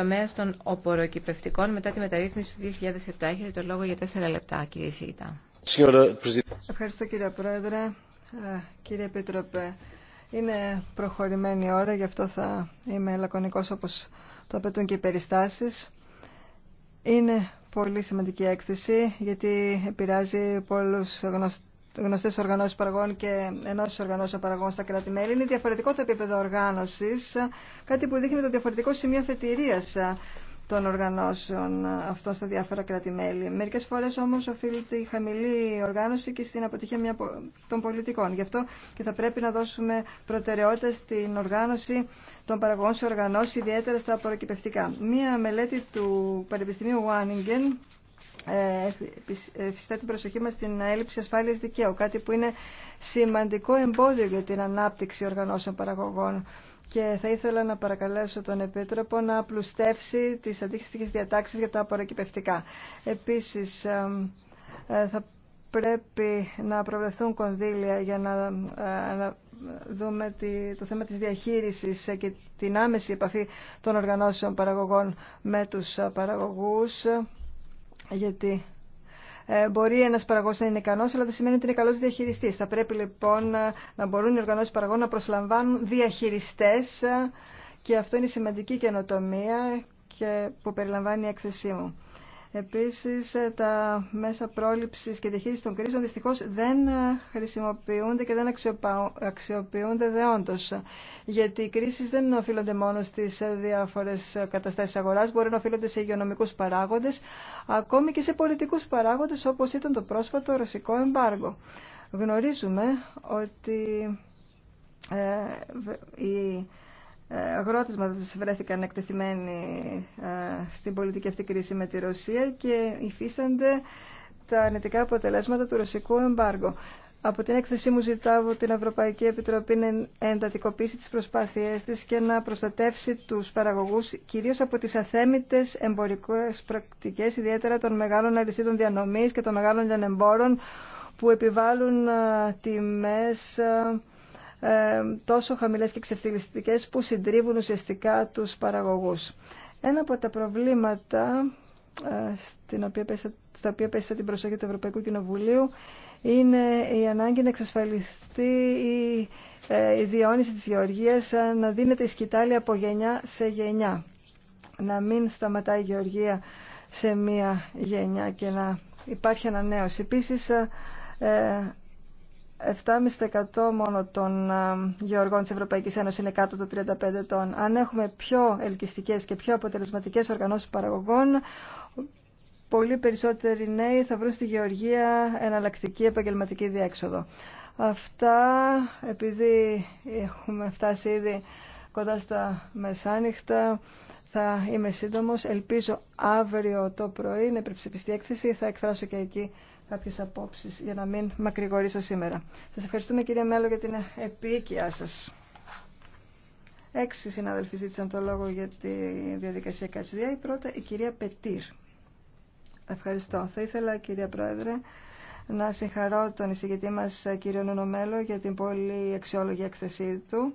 τομέα των οποροκυπευτικών μετά τη μεταρρύθμιση του 2007. Έχετε το λόγο για τέσσερα λεπτά, κύριε Σίτα. Ευχαριστώ κύριε Πρόεδρε, ε, κύριε Επίτροπε. Είναι προχωρημένη η ώρα, γι' αυτό θα είμαι λακωνικός όπως το απαιτούν και οι περιστάσεις. Είναι πολύ σημαντική έκθεση γιατί επηρεάζει πολλούς γνωστούς γνωστέ οργανώσει παραγών και ενώσει οργανώσεων παραγών στα κράτη-μέλη. Είναι διαφορετικό το επίπεδο οργάνωση, κάτι που δείχνει το διαφορετικό σημείο αφετηρία των οργανώσεων αυτών στα διάφορα κράτη-μέλη. Μερικές φορές όμως οφείλεται η χαμηλή οργάνωση και στην αποτυχία μια των πολιτικών. Γι' αυτό και θα πρέπει να δώσουμε προτεραιότητα στην οργάνωση των παραγωγών σε οργανώσει, ιδιαίτερα στα προκυπευτικά. Μία μελέτη του Πανεπιστημίου Βάνιγκεν Φυσικά την προσοχή μας στην έλλειψη ασφάλειας δικαίου, κάτι που είναι σημαντικό εμπόδιο για την ανάπτυξη οργανώσεων παραγωγών και θα ήθελα να παρακαλέσω τον Επίτροπο να απλουστεύσει τις αντίστοιχες διατάξεις για τα απορροκυπευτικά. Επίσης, ε, θα πρέπει να προβλεφθούν κονδύλια για να ε, δούμε το θέμα της διαχείρισης και την άμεση επαφή των οργανώσεων παραγωγών με τους παραγωγούς γιατί ε, μπορεί ένα παραγό να είναι ικανό, αλλά δεν σημαίνει ότι είναι καλό διαχειριστή. Θα πρέπει λοιπόν ε, να μπορούν οι οργανώσει παραγών να προσλαμβάνουν διαχειριστέ ε, και αυτό είναι σημαντική καινοτομία και που περιλαμβάνει η έκθεσή μου. Επίσης, τα μέσα πρόληψης και διαχείριση των κρίσεων δυστυχώς δεν χρησιμοποιούνται και δεν αξιοποιούνται δεόντως. Γιατί οι κρίσεις δεν οφείλονται μόνο στις διάφορες καταστάσεις αγοράς, μπορεί να οφείλονται σε υγειονομικούς παράγοντες, ακόμη και σε πολιτικούς παράγοντες όπως ήταν το πρόσφατο ρωσικό εμπάργο. Γνωρίζουμε ότι ε, η αγρότες μας βρέθηκαν εκτεθειμένοι ε, στην πολιτική αυτή κρίση με τη Ρωσία και υφίστανται τα αρνητικά αποτελέσματα του ρωσικού εμπάργου. Από την έκθεσή μου ζητάω την Ευρωπαϊκή Επιτροπή να εντατικοποιήσει τις προσπάθειές της και να προστατεύσει τους παραγωγούς κυρίως από τις αθέμητες εμπορικές πρακτικές, ιδιαίτερα των μεγάλων αλυσίδων διανομής και των μεγάλων λιανεμπόρων που επιβάλλουν ε, τιμές ε, ε, τόσο χαμηλές και ξεφτυλιστικές που συντρίβουν ουσιαστικά τους παραγωγούς. Ένα από τα προβλήματα ε, στην οποία στα οποία πέστησα την προσοχή του Ευρωπαϊκού Κοινοβουλίου είναι η ανάγκη να εξασφαλιστεί η, ε, η διόνυση της γεωργίας να δίνεται η σκητάλη από γενιά σε γενιά. Να μην σταματάει η γεωργία σε μία γενιά και να υπάρχει ανανέωση. Επίσης, 7,5% μόνο των γεωργών της Ευρωπαϊκής Ένωσης είναι κάτω των 35 ετών. Αν έχουμε πιο ελκυστικές και πιο αποτελεσματικές οργανώσεις παραγωγών, πολύ περισσότεροι νέοι θα βρουν στη γεωργία εναλλακτική επαγγελματική διέξοδο. Αυτά, επειδή έχουμε φτάσει ήδη κοντά στα μεσάνυχτα, θα είμαι σύντομος. Ελπίζω αύριο το πρωί να υπερψηφιστεί έκθεση. Θα εκφράσω και εκεί κάποιες απόψεις για να μην μακρηγορήσω σήμερα. Σας ευχαριστούμε κύριε Μέλλο για την επίοικιά σας. Έξι συναδελφοί ζήτησαν το λόγο για τη διαδικασία κατσιδιά. Η πρώτα η κυρία Πετήρ. Ευχαριστώ. Θα ήθελα κυρία Πρόεδρε να συγχαρώ τον εισηγητή μας κύριο Νονομέλο για την πολύ αξιόλογη έκθεσή του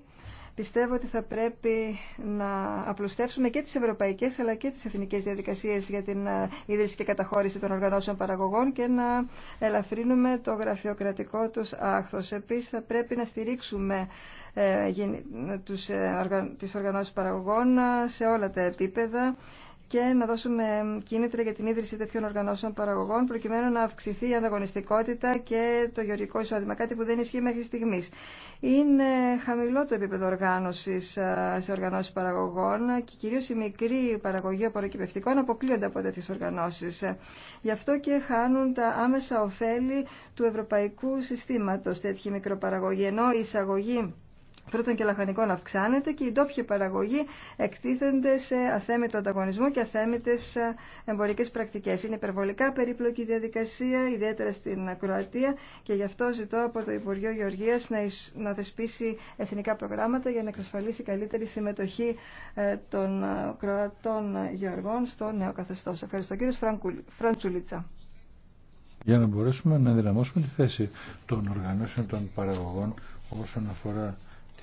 πιστεύω ότι θα πρέπει να απλουστεύσουμε και τις ευρωπαϊκές αλλά και τις εθνικές διαδικασίες για την ε, ίδρυση και καταχώρηση των οργανώσεων παραγωγών και να ελαφρύνουμε το γραφειοκρατικό τους άχθος. Επίσης θα πρέπει να στηρίξουμε ε, τους, ε, παραγωγών ε, σε όλα τα επίπεδα και να δώσουμε κίνητρα για την ίδρυση τέτοιων οργανώσεων παραγωγών προκειμένου να αυξηθεί η ανταγωνιστικότητα και το γεωργικό εισόδημα, κάτι που δεν ισχύει μέχρι στιγμή. Είναι χαμηλό το επίπεδο οργάνωση ε, σε οργανώσει παραγωγών και κυρίω η μικρή παραγωγή απορροκυπευτικών αποκλείονται από τέτοιε οργανώσει. Ε, γι' αυτό και χάνουν τα άμεσα ωφέλη του ευρωπαϊκού συστήματο τέτοιοι μικροπαραγωγοί, ενώ η εισαγωγή φρούτων και λαχανικών αυξάνεται και οι ντόπια παραγωγή εκτίθενται σε αθέμητο ανταγωνισμό και αθέμητε εμπορικέ πρακτικέ. Είναι υπερβολικά περίπλοκη διαδικασία, ιδιαίτερα στην Κροατία και γι' αυτό ζητώ από το Υπουργείο Γεωργία να θεσπίσει εθνικά προγράμματα για να εξασφαλίσει καλύτερη συμμετοχή ε, των ε, Κροατών Γεωργών στο νέο Καθεστώ. Ευχαριστώ κύριο Φραντσουλίτσα για να μπορέσουμε να δυναμώσουμε τη θέση των οργανώσεων των παραγωγών όσον αφορά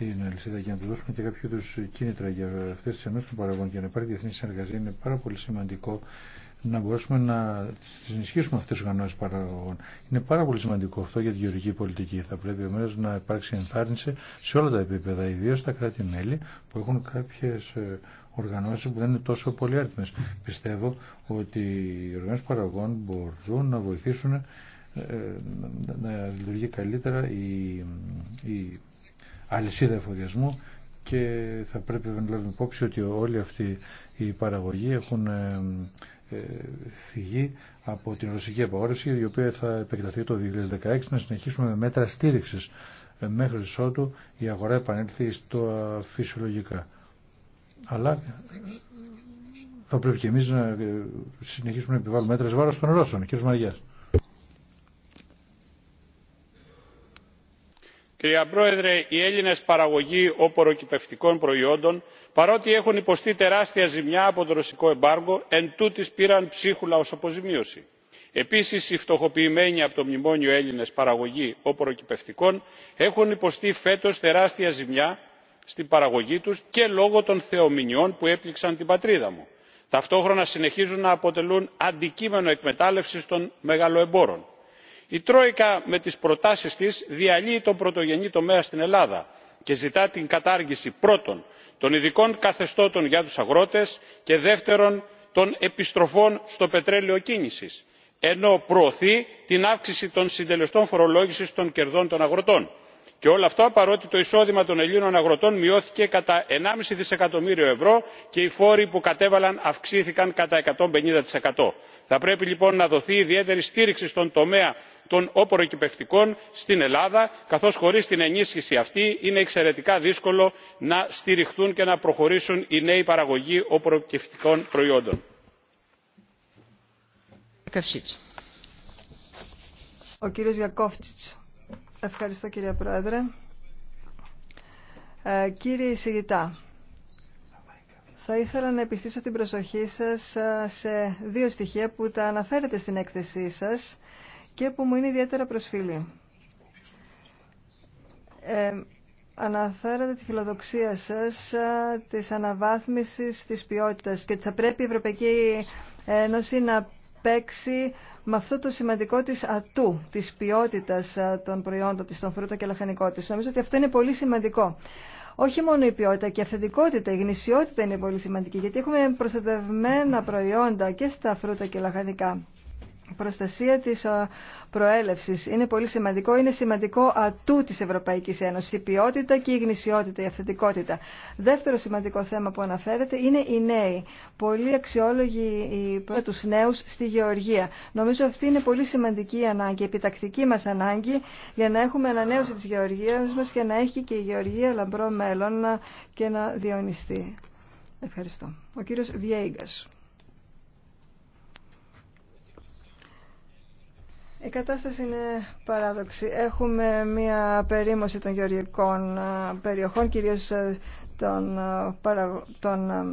την αλυσίδα για να του δώσουμε και κάποιο είδου κίνητρα για αυτέ τι ενώσει των παραγωγών και να υπάρχει διεθνή συνεργασία. Είναι πάρα πολύ σημαντικό να μπορέσουμε να τι ενισχύσουμε αυτέ τι οργανώσει παραγωγών. Είναι πάρα πολύ σημαντικό αυτό για τη γεωργική πολιτική. Θα πρέπει εμένα να υπάρξει ενθάρρυνση σε όλα τα επίπεδα, ιδίω στα κράτη-μέλη που έχουν κάποιε οργανώσει που δεν είναι τόσο πολυάριθμε. Πιστεύω ότι οι οργανώσει παραγωγών μπορούν να βοηθήσουν ε, ε, να λειτουργεί καλύτερα η, η αλυσίδα εφοδιασμού και θα πρέπει να λάβουμε υπόψη ότι όλοι αυτοί οι παραγωγοί έχουν ε, ε, φυγεί από την ρωσική απαγόρευση η οποία θα επεκταθεί το 2016 να συνεχίσουμε με μέτρα στήριξης ε, μέχρι ότου η αγορά επανέλθει στο φυσιολογικά. Αλλά θα πρέπει και εμείς να συνεχίσουμε να επιβάλλουμε μέτρα βάρος των Ρώσων. Κύριος Μαριάς. κυρία πρόεδρε οι έλληνες παραγωγοί οπωροκυπευτικών προϊόντων παρότι έχουν υποστεί τεράστια ζημιά από το ρωσικό εμπάργκο εντούτοις πήραν ψίχουλα ως αποζημίωση. επίσης οι φτωχοποιημένοι από το μνημόνιο έλληνες παραγωγοί οπωροκυπευτικών έχουν υποστεί φέτος τεράστια ζημιά στην παραγωγή τους και λόγω των θεομηνιών που έπληξαν την πατρίδα μου. ταυτόχρονα συνεχίζουν να αποτελούν αντικείμενο εκμετάλλευσης των μεγαλοεμπόρων η τρόικα με τις προτάσεις της διαλύει τον πρωτογενή τομέα στην ελλάδα και ζητά την κατάργηση πρώτον των ειδικών καθεστώτων για τους αγρότες και δεύτερον των επιστροφών στο πετρέλαιο κίνησης ενώ προωθεί την αύξηση των συντελεστών φορολόγησης των κερδών των αγροτών. και όλα αυτά παρότι το εισόδημα των ελλήνων αγροτών μειώθηκε κατά ένα δισεκατομμύριο ευρώ και οι φόροι που κατέβαλαν αυξήθηκαν κατά. 150% θα πρέπει λοιπόν να δοθεί ιδιαίτερη στήριξη στον τομέα των οπωροκυπευτικών στην ελλάδα καθώς χωρίς την ενίσχυση αυτή είναι εξαιρετικά δύσκολο να στηριχθούν και να προχωρήσουν οι νέοι παραγωγοί οπωροκυπευτικών προϊόντων. Ο Ευχαριστώ κύριε Πρόεδρε. Ε, κύριε θα ήθελα να επιστήσω την προσοχή σας σε δύο στοιχεία που τα αναφέρετε στην έκθεσή σας και που μου είναι ιδιαίτερα προσφυλή. Ε, αναφέρατε τη φιλοδοξία σας της αναβάθμισης της ποιότητας και ότι θα πρέπει η Ευρωπαϊκή Ένωση να παίξει με αυτό το σημαντικό της ατού, της ποιότητας των προϊόντων της, των φρούτων και λαχανικών της. Νομίζω ότι αυτό είναι πολύ σημαντικό όχι μόνο η ποιότητα και η αυθεντικότητα, η γνησιότητα είναι πολύ σημαντική, γιατί έχουμε προστατευμένα προϊόντα και στα φρούτα και λαχανικά προστασία της ε, προέλευσης είναι πολύ σημαντικό. Είναι σημαντικό ατού της Ευρωπαϊκής Ένωσης, η ποιότητα και η γνησιότητα, η αυθεντικότητα. Δεύτερο σημαντικό θέμα που αναφέρεται είναι οι νέοι. Πολύ αξιόλογοι οι τους νέους στη γεωργία. Νομίζω αυτή είναι πολύ σημαντική ανάγκη, επιτακτική μας ανάγκη για να έχουμε ανανέωση της γεωργίας μας και να έχει και η γεωργία λαμπρό μέλλον και να διονυστεί. Ευχαριστώ. Ο κύριος Βιέγκας. Η κατάσταση είναι παράδοξη. Έχουμε μια περίμωση των γεωργικών ε, περιοχών, κυρίως ε, των, ε,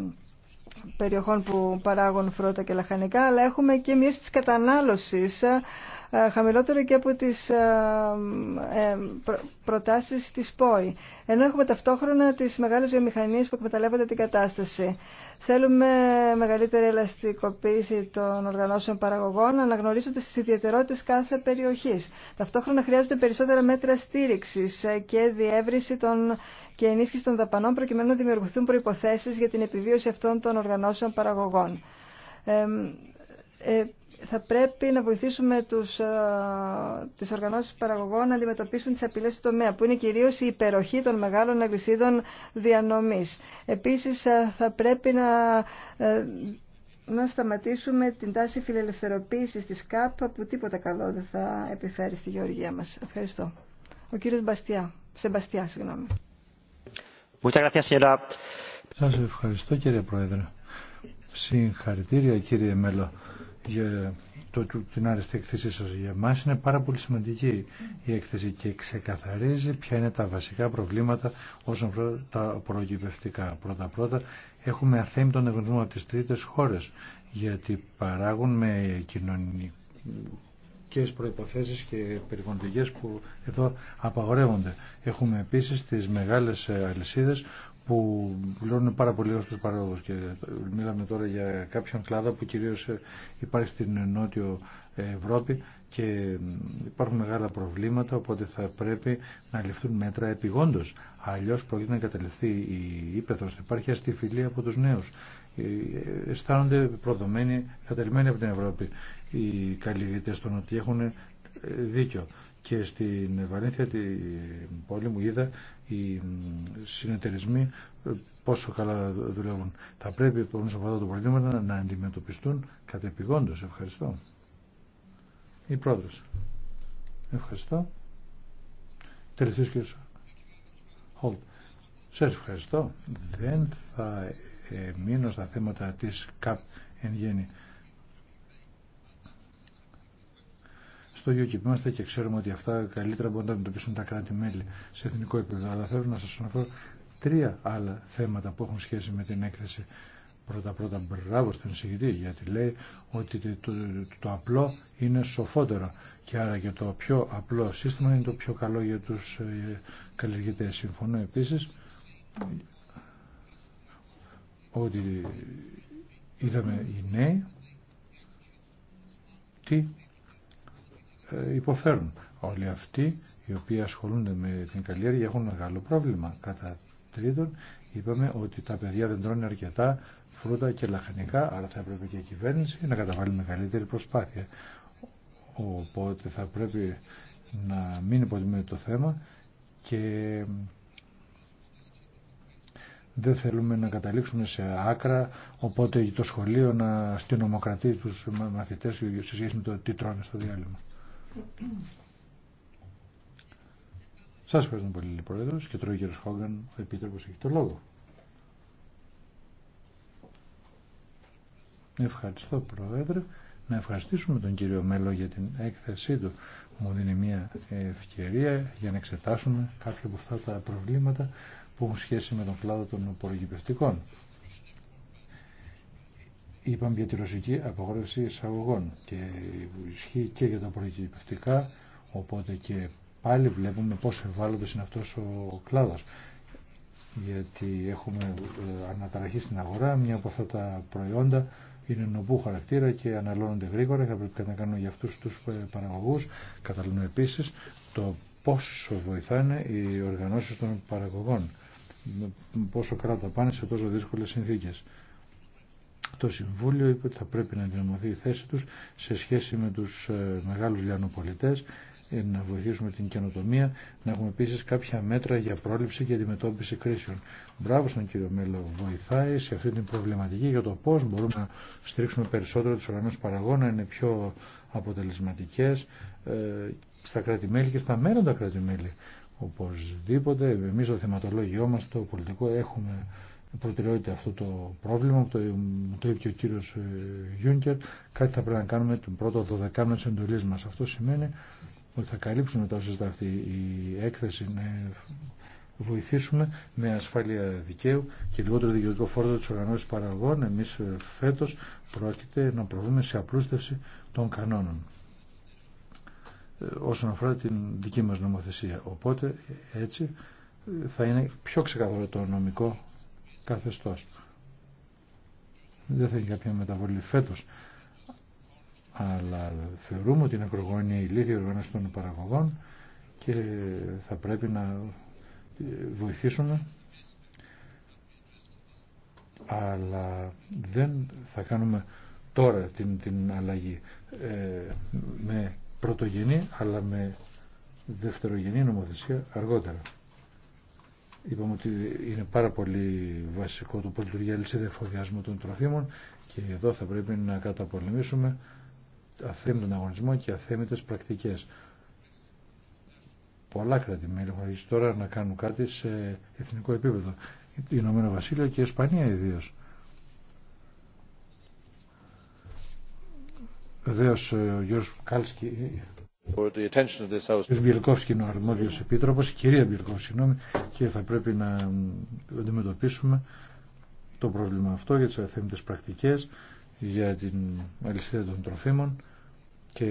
περιοχών που παράγουν φρούτα και λαχανικά, αλλά έχουμε και μία της κατανάλωσης ε, χαμηλότερο και από τις ε, ε, προτάσεις της ΠΟΗ. Ενώ έχουμε ταυτόχρονα τις μεγάλες βιομηχανίες που εκμεταλλεύονται την κατάσταση. Θέλουμε μεγαλύτερη ελαστικοποίηση των οργανώσεων παραγωγών, αναγνωρίζοντας τις ιδιαιτερότητες κάθε περιοχής. Ταυτόχρονα χρειάζονται περισσότερα μέτρα στήριξης και διεύρυνση των και ενίσχυση των δαπανών προκειμένου να δημιουργηθούν προϋποθέσεις για την επιβίωση αυτών των οργανώσεων παραγωγών. Ε, θα πρέπει να βοηθήσουμε τους, ε, τις οργανώσεις παραγωγών να αντιμετωπίσουν τις απειλές του τομέα, που είναι κυρίως η υπεροχή των μεγάλων αγρισίδων διανομής. Επίσης, ε, θα πρέπει να, ε, να σταματήσουμε την τάση φιλελευθεροποίησης της ΚΑΠ, που τίποτα καλό δεν θα επιφέρει στη γεωργία μας. Ευχαριστώ. Ο κύριος Μπαστιά. Σεμπαστιά, συγγνώμη. Σας ευχαριστώ κύριε Πρόεδρε. Συγχαρητήρια κύριε Μέλλο για το, την άρεστη εκθέσή σας. Για εμάς είναι πάρα πολύ σημαντική η έκθεση και ξεκαθαρίζει ποια είναι τα βασικά προβλήματα όσον αφορά τα προγυπευτικά. Πρώτα-πρώτα έχουμε αθέμη τον εγωνισμό από τις τρίτες χώρες γιατί παράγουν με κοινωνικές προϋποθέσεις και περιβαλλοντικές που εδώ απαγορεύονται. Έχουμε επίσης τις μεγάλες αλυσίδες που πληρώνουν πάρα πολύ ως τους παρόγους και μιλάμε τώρα για κάποιον κλάδο που κυρίως ε, υπάρχει στην Νότιο Ευρώπη και υπάρχουν μεγάλα προβλήματα οπότε θα πρέπει να ληφθούν μέτρα επιγόντως αλλιώς πρόκειται να καταληφθεί η ύπεθρος υπάρχει αστιφιλία από τους νέους ε, ε, αισθάνονται προδομένοι, καταλημμένοι από την Ευρώπη οι καλλιεργητές των ότι έχουν δίκιο και στην Βαλένθια την πόλη μου είδα οι συνεταιρισμοί ε, πόσο καλά δουλεύουν. Θα πρέπει επομένως αυτά τα προβλήματα να αντιμετωπιστούν κατεπηγόντως. Ευχαριστώ. Η πρόεδρος. Ευχαριστώ. Τελευταίος κύριος Χολτ. Σε ευχαριστώ. Δεν θα μείνω στα θέματα της ΚΑΠ εν γέννη. στο UKIP είμαστε και ξέρουμε ότι αυτά καλύτερα μπορούν να αντιμετωπίσουν τα κράτη-μέλη σε εθνικό επίπεδο. Αλλά θέλω να σας αναφέρω τρία άλλα θέματα που έχουν σχέση με την έκθεση. Πρώτα-πρώτα μπράβο στον εισηγητή γιατί λέει ότι το, απλό είναι σοφότερο και άρα και το πιο απλό σύστημα είναι το πιο καλό για του ε, καλλιεργητές. Συμφωνώ επίση. ότι είδαμε οι νέοι τι ε, υποφέρουν. Όλοι αυτοί οι οποίοι ασχολούνται με την καλλιέργεια έχουν μεγάλο πρόβλημα. Κατά τρίτον, είπαμε ότι τα παιδιά δεν τρώνε αρκετά φρούτα και λαχανικά, άρα θα έπρεπε και η κυβέρνηση να καταβάλει μεγαλύτερη προσπάθεια. Οπότε θα πρέπει να μην υποτιμούμε το θέμα και δεν θέλουμε να καταλήξουμε σε άκρα, οπότε το σχολείο να ομοκρατεί τους μαθητές σε σχέση με το τι τρώνε στο διάλειμμα. Σας ευχαριστώ πολύ, Πρόεδρος, και τώρα ο κύριος Χόγκαν, ο Επίτροπος, έχει το λόγο. Ευχαριστώ, Πρόεδρε. Να ευχαριστήσουμε τον κύριο Μέλο για την έκθεσή του. Μου δίνει μια ευκαιρία για να εξετάσουμε κάποια από αυτά τα προβλήματα που έχουν σχέση με τον κλάδο των προγυπευτικών είπαμε για τη ρωσική απαγόρευση εισαγωγών και ισχύει και για τα προκυπτικά οπότε και πάλι βλέπουμε πόσο ευάλωτος είναι αυτός ο κλάδος. Γιατί έχουμε ε, αναταραχή στην αγορά, μια από αυτά τα προϊόντα είναι νομπού χαρακτήρα και αναλώνονται γρήγορα και θα πρέπει να κάνουμε για αυτούς τους ε, παραγωγούς. Καταλαβαίνουμε επίσης το πόσο βοηθάνε οι οργανώσεις των παραγωγών, πόσο κράτα πάνε σε τόσο δύσκολες συνθήκες. Το Συμβούλιο είπε ότι θα πρέπει να ενδυναμωθεί η θέση τους σε σχέση με τους ε, μεγάλους λιανοπολιτές, ε, να βοηθήσουμε την καινοτομία, να έχουμε επίση κάποια μέτρα για πρόληψη και αντιμετώπιση κρίσεων. Μπράβο στον κύριο Μέλλο, βοηθάει σε αυτή την προβληματική για το πώ μπορούμε να στηρίξουμε περισσότερο του οργανώσει παραγών, να είναι πιο αποτελεσματικέ ε, στα κράτη-μέλη και στα μέλλοντα κράτη-μέλη. Οπωσδήποτε, εμεί το θεματολόγιο μα, το πολιτικό, έχουμε προτεραιότητα αυτό το πρόβλημα, που το, το είπε και ο κύριο ε, Γιούνκερ, κάτι θα πρέπει να κάνουμε τον πρώτο δωδεκάμενο τη εντολή μα. Αυτό σημαίνει ότι θα καλύψουμε τα όσα αυτή η έκθεση, να βοηθήσουμε με ασφάλεια δικαίου και λιγότερο δικαιωτικό φόρτο τη οργανώση παραγωγών. Εμεί ε, φέτο πρόκειται να προβούμε σε απλούστευση των κανόνων ε, όσον αφορά την δική μας νομοθεσία. Οπότε έτσι θα είναι πιο ξεκαθαρό το νομικό καθεστώς. Δεν είναι κάποια μεταβολή φέτος. Αλλά θεωρούμε ότι είναι ακρογόνια η λίγη οργάνωση των παραγωγών και θα πρέπει να βοηθήσουμε αλλά δεν θα κάνουμε τώρα την, την αλλαγή ε, με πρωτογενή αλλά με δευτερογενή νομοθεσία αργότερα. Είπαμε ότι είναι πάρα πολύ βασικό το λειτουργεί αλυσίδα εφοδιασμού των τροφίμων και εδώ θα πρέπει να καταπολεμήσουμε αθέμητον αγωνισμό και αθέμητες πρακτικές. Πολλά κράτη-μέλη έχουν αρχίσει τώρα να κάνουν κάτι σε εθνικό επίπεδο. Η Ηνωμένο Βασίλειο και η Ισπανία ιδίω. Βεβαίω ο Γιώργος Κάλσκι Κύριε Μπιελκόφσκι είναι ο αρμόδιος επίτροπος, κυρία Μπιελκόφσκι, συγγνώμη, και θα πρέπει να αντιμετωπίσουμε το πρόβλημα αυτό για τις αθέμητες πρακτικές, για την αλυσίδα των τροφίμων και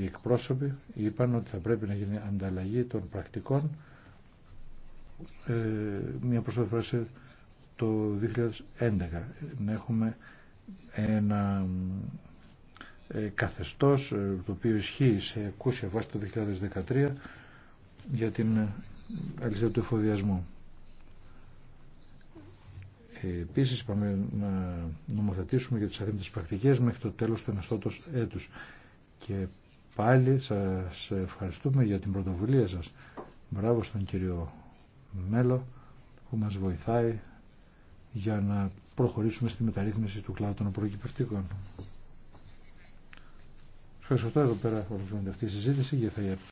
οι εκπρόσωποι είπαν ότι θα πρέπει να γίνει ανταλλαγή των πρακτικών ε, μια προσπάθεια το 2011 να έχουμε ένα ε, καθεστώς ε, το οποίο ισχύει σε ακούσια βάση το 2013 για την ε, αλυσίδα του εφοδιασμού. Επίσης είπαμε να νομοθετήσουμε για τις αθέμητες πρακτικές μέχρι το τέλος του εναστότος έτους. Και πάλι σας ευχαριστούμε για την πρωτοβουλία σας. Μπράβο στον κύριο Μέλο που μας βοηθάει για να προχωρήσουμε στη μεταρρύθμιση του κλάδου των προκυπευτικών. Ευχαριστώ εδώ πέρα ολοκληρώνεται αυτή η συζήτηση και θα